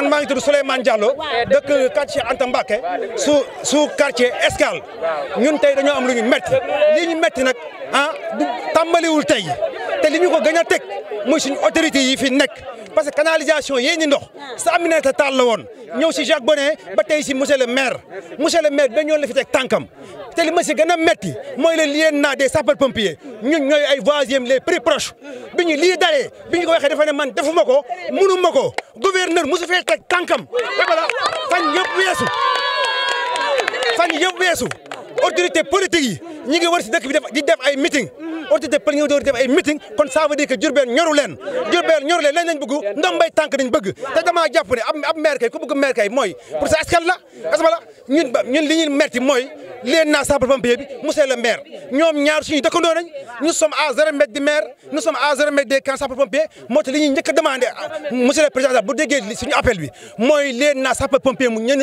man maa ngi tudd Souleymane Diallo dëkk quartier Anta Mbacké su su quartier Escale ñun tey dañoo am lu ñu métti li ñu métti nag ah tàmbaliwul tey te li ñu ko gën a teg mooy suñu yi fi nekk parce que canalisation yee ñu ndox ah. sa Aminata la woon ñëw si Jacques Bonnet ba tey si monsieur le maire monsieur le maire benn la fi tek tànkam te ma si gën a metti mooy le lien naa des sapeurs pompiers ñun ñooy ay voisins les plus proches bi ñu lii dalee bi ñu ko waxee dafa man defuma ko mënuma ko gouverneur mosu fee teg tànkam voilà fan yëpp weesu fan yëpp weesu autorité politique yi ñi ngi war si dëkk bi def di def ay meeting autorité pël ñëw def ay meeting kon ça veut dire que Diourbel ñoru leen Diourbel ñoru leen lañ lañ bëgg ndom bay tànk dañ bëgg te damaa jàpp ne ab ab maire kay ku bëgg maire kay mooy pour ça askan la askan la ñun ñun li ñuy merti mooy leen naa sapeurs-pompiers bi monsieur le maire ñoom ñaar suñu dëkkandoo nañ nous sommes à zéro mètre du maire nous sommes à zéro mètre des camps sapeurs-pompiers moo tax li ñuy njëkk a demandé monsieur le président bu déggee suñu appel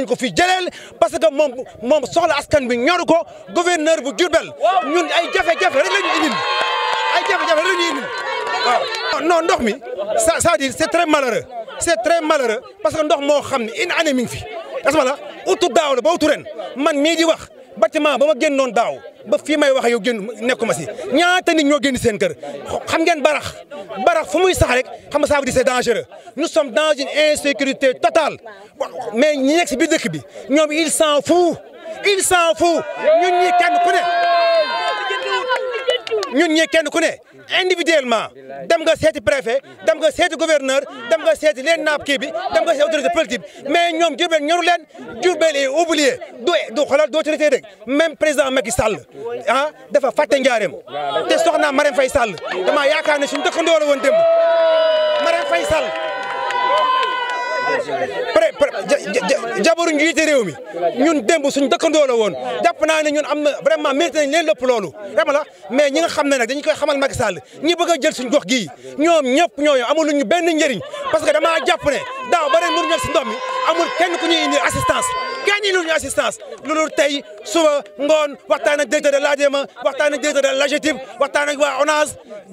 ko fii jëleel parce que moom moom soxla askan bi ñoru ko gouverneur bu Diourbel ñun ay ay jafe-jafe la ñuy indi ndox mi ça c'est-à-dire c'est très malheureux c'est très parce que ndox moo xam ne une année mi ngi fi est-ce utu daaw la ba utu ren man mii di wax bâtiment ba ma génnoon daaw ba fii may wax yow nekk ma si ñaata nit ñoo génn seen kër xam ngeen barax barax fu muy sax rek xam nga ça se dire c'est dangereux nous sommes dans une insécurité totale mais ñi nekk dëkk bi ñoom il s'en il s'en fout ñun ñi ku ne. ñun ñi kenn ku ne individuellement dem nga seeti préfet dem nga seeti gouverneur dem ga seeti leen naab kii bi dem nga seeti autorité politique mais ñoom Diourbel ñor leen Diourbel yi oublié du du xoolal du autorité rek même président Macky Sall ah dafa fàtte njaareem te soxna Marème fay Sall dama yaakaar ne dafa dëkkandoo la woon démb Marème fay sal pré jabaru njiite réew mi ñun démb suñ dëkkandoo woon jàpp naa ne ñun am na vraiment mérité nañ leen lépp loolu xam la mais ñi nga xam ne nag dañu koy xamal Macky Sall ñi bëgg a jël suñ gox gi ñoom ñëpp ñooñu amul ñu benn njëriñ parce que damaa jàpp ne daaw ba ren mënu ñëw si amul kenn ku ñuy indi assistance ñu lu ñu assistance loolu tey suba ngoon waxtaan ak directeur de l'ADM waxtaan ak directeur de l'AGETIP waxtaan ak waa ONAS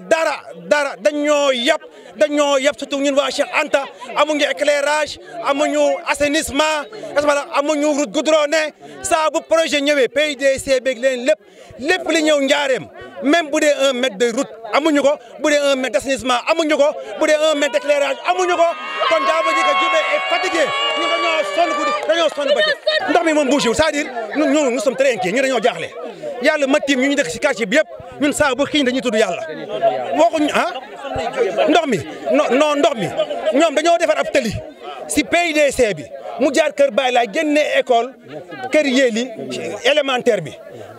dara dara dañoo yàpp dañoo yàpp surtout ñun waa Cheikh Anta amuñu éclairage amuñu assainissement asmala amuñu route goudronnée saa bu projet ñëwee PUDC beeg leen lépp lépp li ñëw njaareem même bu dee un mètre de route amuñu ko bu dee amuñu ko bu dee un amuñu ko kon daa ba jëkk Diourbel est fatigué sonn guddi dañoo sonn bëccëg ndox mi moom bouché wu c'est-à-dire ñun ñoo nous sommes très inquiets ñu dañoo jaaxle yàlla matim ñu dëkk si quartier bi yëpp ñun saa bu xiiñ dañuy tudd yàlla waxuñ ah ndox mi non non ndox mi ñoom dañoo defar ab tëli si PIDC bi mu jaar kër Baye laay génne école kër yéeli élémentaire bi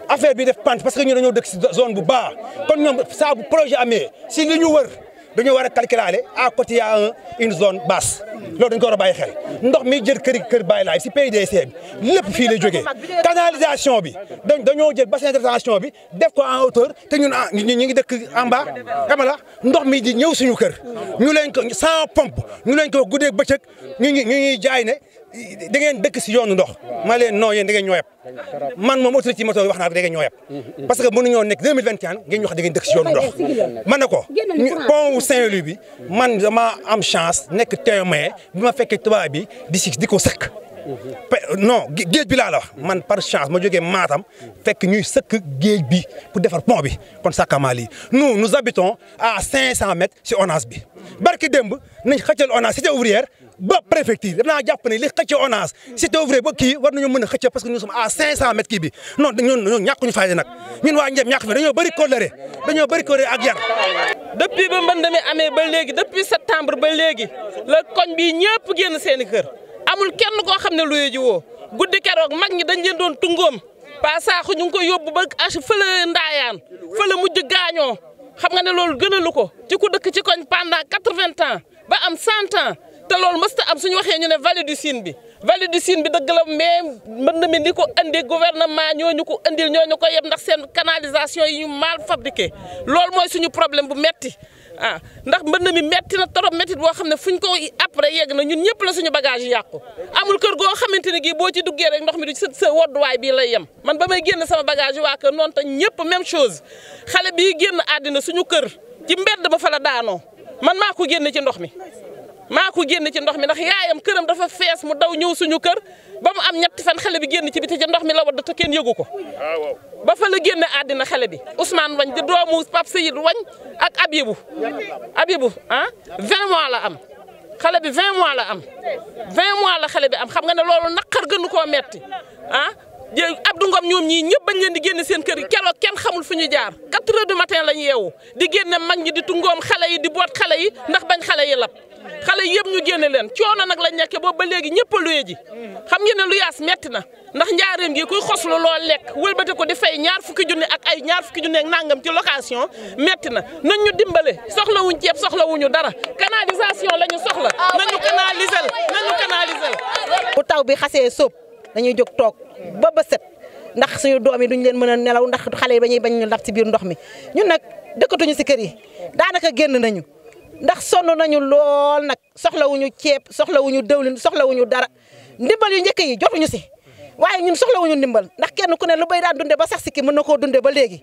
affaire bi def pant parce que ñu dañoo dëkk si zone bu baax ko ñoom saa bu projet amee si li ñu wër dañoo war a calculer côté y a un une zone basse loolu dañu ko war a bàyyi xel ndox mi jël kër kër Baye Laay si PDC bi lépp fii lay jógee canalisation bi da dañoo jël bassin de bi def ko en hauteur te ñun ah, ñu ngi dëkk en bas xamala ndox mi di ñëw suñu kër ñu leen ko sans pompe ñu leen ko guddeeg bëccëg ñu ñu ñuy jaay ne da ngeen dëkk si yoonu ndox ma leen non yéen da ngeen ñoo yab man moom autorité yi ma toog wax naa ko da parce que mënuñoo nekk 2021 ngeen ñu wax da ngeen dëkk si yoonu ndox man na ko pont Saint-Louis bi man dama am chance nekk témoin bi ma fekkee tubaab bi di si di ko sëkk non géej bi laa la wax man par chance ma jógee Matam fekk ñuy sëkk géej bi pour defar pont bi kon sàkkamaa lii nous nous habitons à 500 mètres si ONAS bi barki démb nañ xëccal ONAS cité ouvrière ba préfecture daf naa jàpp ne li xëcc ONAS cité ouvrière ba kii war nañu mën a xëcc parce que nous sommes à 500 mètres kii bi non ñun ñàkkuñu fayda nag ñun waa Ndiém ñàkk fi dañoo bëri kóllëre dañoo bëri kóllëre ak yar. depuis ba mbënd mi amee ba léegi depuis septembre ba léegi la koñ bi ñëpp génn seen i kër. amul kenn koo xam ne luye ji woo guddi keroog mag ñi dañ leen doon tungoom Pa Sakho ñu ngi koy yóbbu ba as fële ndaayaan fële mujj gaañoo xam nga ne loolu gënalu ko ci ku dëkk ci koñ pendant quatre-vingts ba am cent ans te loolu mësta am suñu waxee ñu ne vallée du bi vallée du Sine bi dëgg la mais mën na mi ni ko indi gouvernement ñooñu ko indil ñooñu ko yeb ndax seen canalisation yi ñu mal fabriqué loolu mooy suñu problème bu metti ah ndax mbënd mi metti na trop métti boo xam ne fuñ ko après yegg na ñun ñëpp la suñu bagage yàqu amul kër goo xamante ne gii boo ci duggee rek ndox mi du sa sa wodduwaay bii lay yem man ba may génn sama bagage waa kër noonu te ñëpp même chose xale bii génn àddina suñu kër ci mbedd ba fa la daanoo man maa ko génne ci ndox mi maa ko génn ci ndox mi ndax yaayam këram dafa fees mu daw ñëw suñu kër ba mu am ñetti fan xale bi génn ci biti ci ndox mi la wadd te kenn yëgu ko ah, ba fa la génne àddina xale bi Ousmane Wagne di doomu Pape Seyid wañ ak Abibou Abibou ah 20 mois la am xale bi vint mois la am 20 mois la xale bi am xam nga ne loolu naqar gënu koo metti ah Abdou Ngom ñoom ñii ñëpp bañ leen di génn seen kër yi keroog kenn xamul fu ñu jaar 4 heures du matin yeewu di génne mag ñi di tungoom xale yi di boot xale yi ndax bañ xale yi lab xale yëpp ñu génne leen coono nag lañ nekkee boobu ba léegi ñëpp lu luye xam ngeen ne lu yaas metti na ndax njaareem gi kuy xoslu loo lekk wëlbate ko di fay ñaar fukki junni ak ay ñaar fukki junni ak nangam ci location metti na nañ ñu dimbale soxlawuñ ceeb soxlawuñu dara canalisation la ñu soxla nañu canaliser nañu bu taw bi xasee sóob dañuy jóg toog ba ba set ndax suñu doom yi duñ leen mën a nelaw ndax xale yi bañuy bañ ñu lab ci biir ndox mi ñu nag dëkkatuñu si kër yi daanaka génn nañu ndax sonn nañu lool nag soxlawuñu ceeb soxlawuñu dëwlin soxlawuñu dara ndimbal yu njëkk yi jotuñu si waaye ñun soxlawuñu ndimbal ndax kenn ku ne lu bay daan dunde ba sax si ki mën na koo dunde ba léegi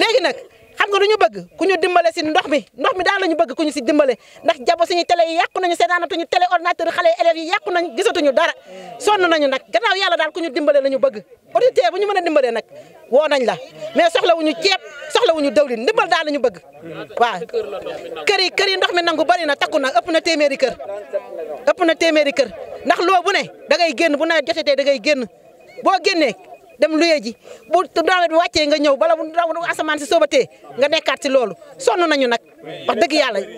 léegi nag xam nga lu ñu bëgg ku ñu dimbale si ndox mi ndox mi daan nañu bëgg ku ñu si dimbale ndax jabo suñu télé yi yàqu nañu seetaanatuñu télé ordinateur xale yi élèves yi yàqu nañu gisatuñu dara sonn nañu nag gannaaw yàlla daal ku ñu dimbale la ñu bëgg auditeurs bu ñu mën a dimbalee nag woo nañ la mais soxlawuñu ceeb soxlawuñu dawlin ndimbal daal la ñu bëgg waaw. kër yi kër yi ndox mi nangu bari na takku na ëpp na téeméeri kër ëpp na téeméeri kër ndax loo bu ne da ngay génn bu naa nawet jotatee da ngay génn boo génnee dem luyee ji bu nawet bi wàccee nga ñëw bala bu asamaan si soobatee nga nekkaat loolu sonn nañu nag wax dëgg yàlla.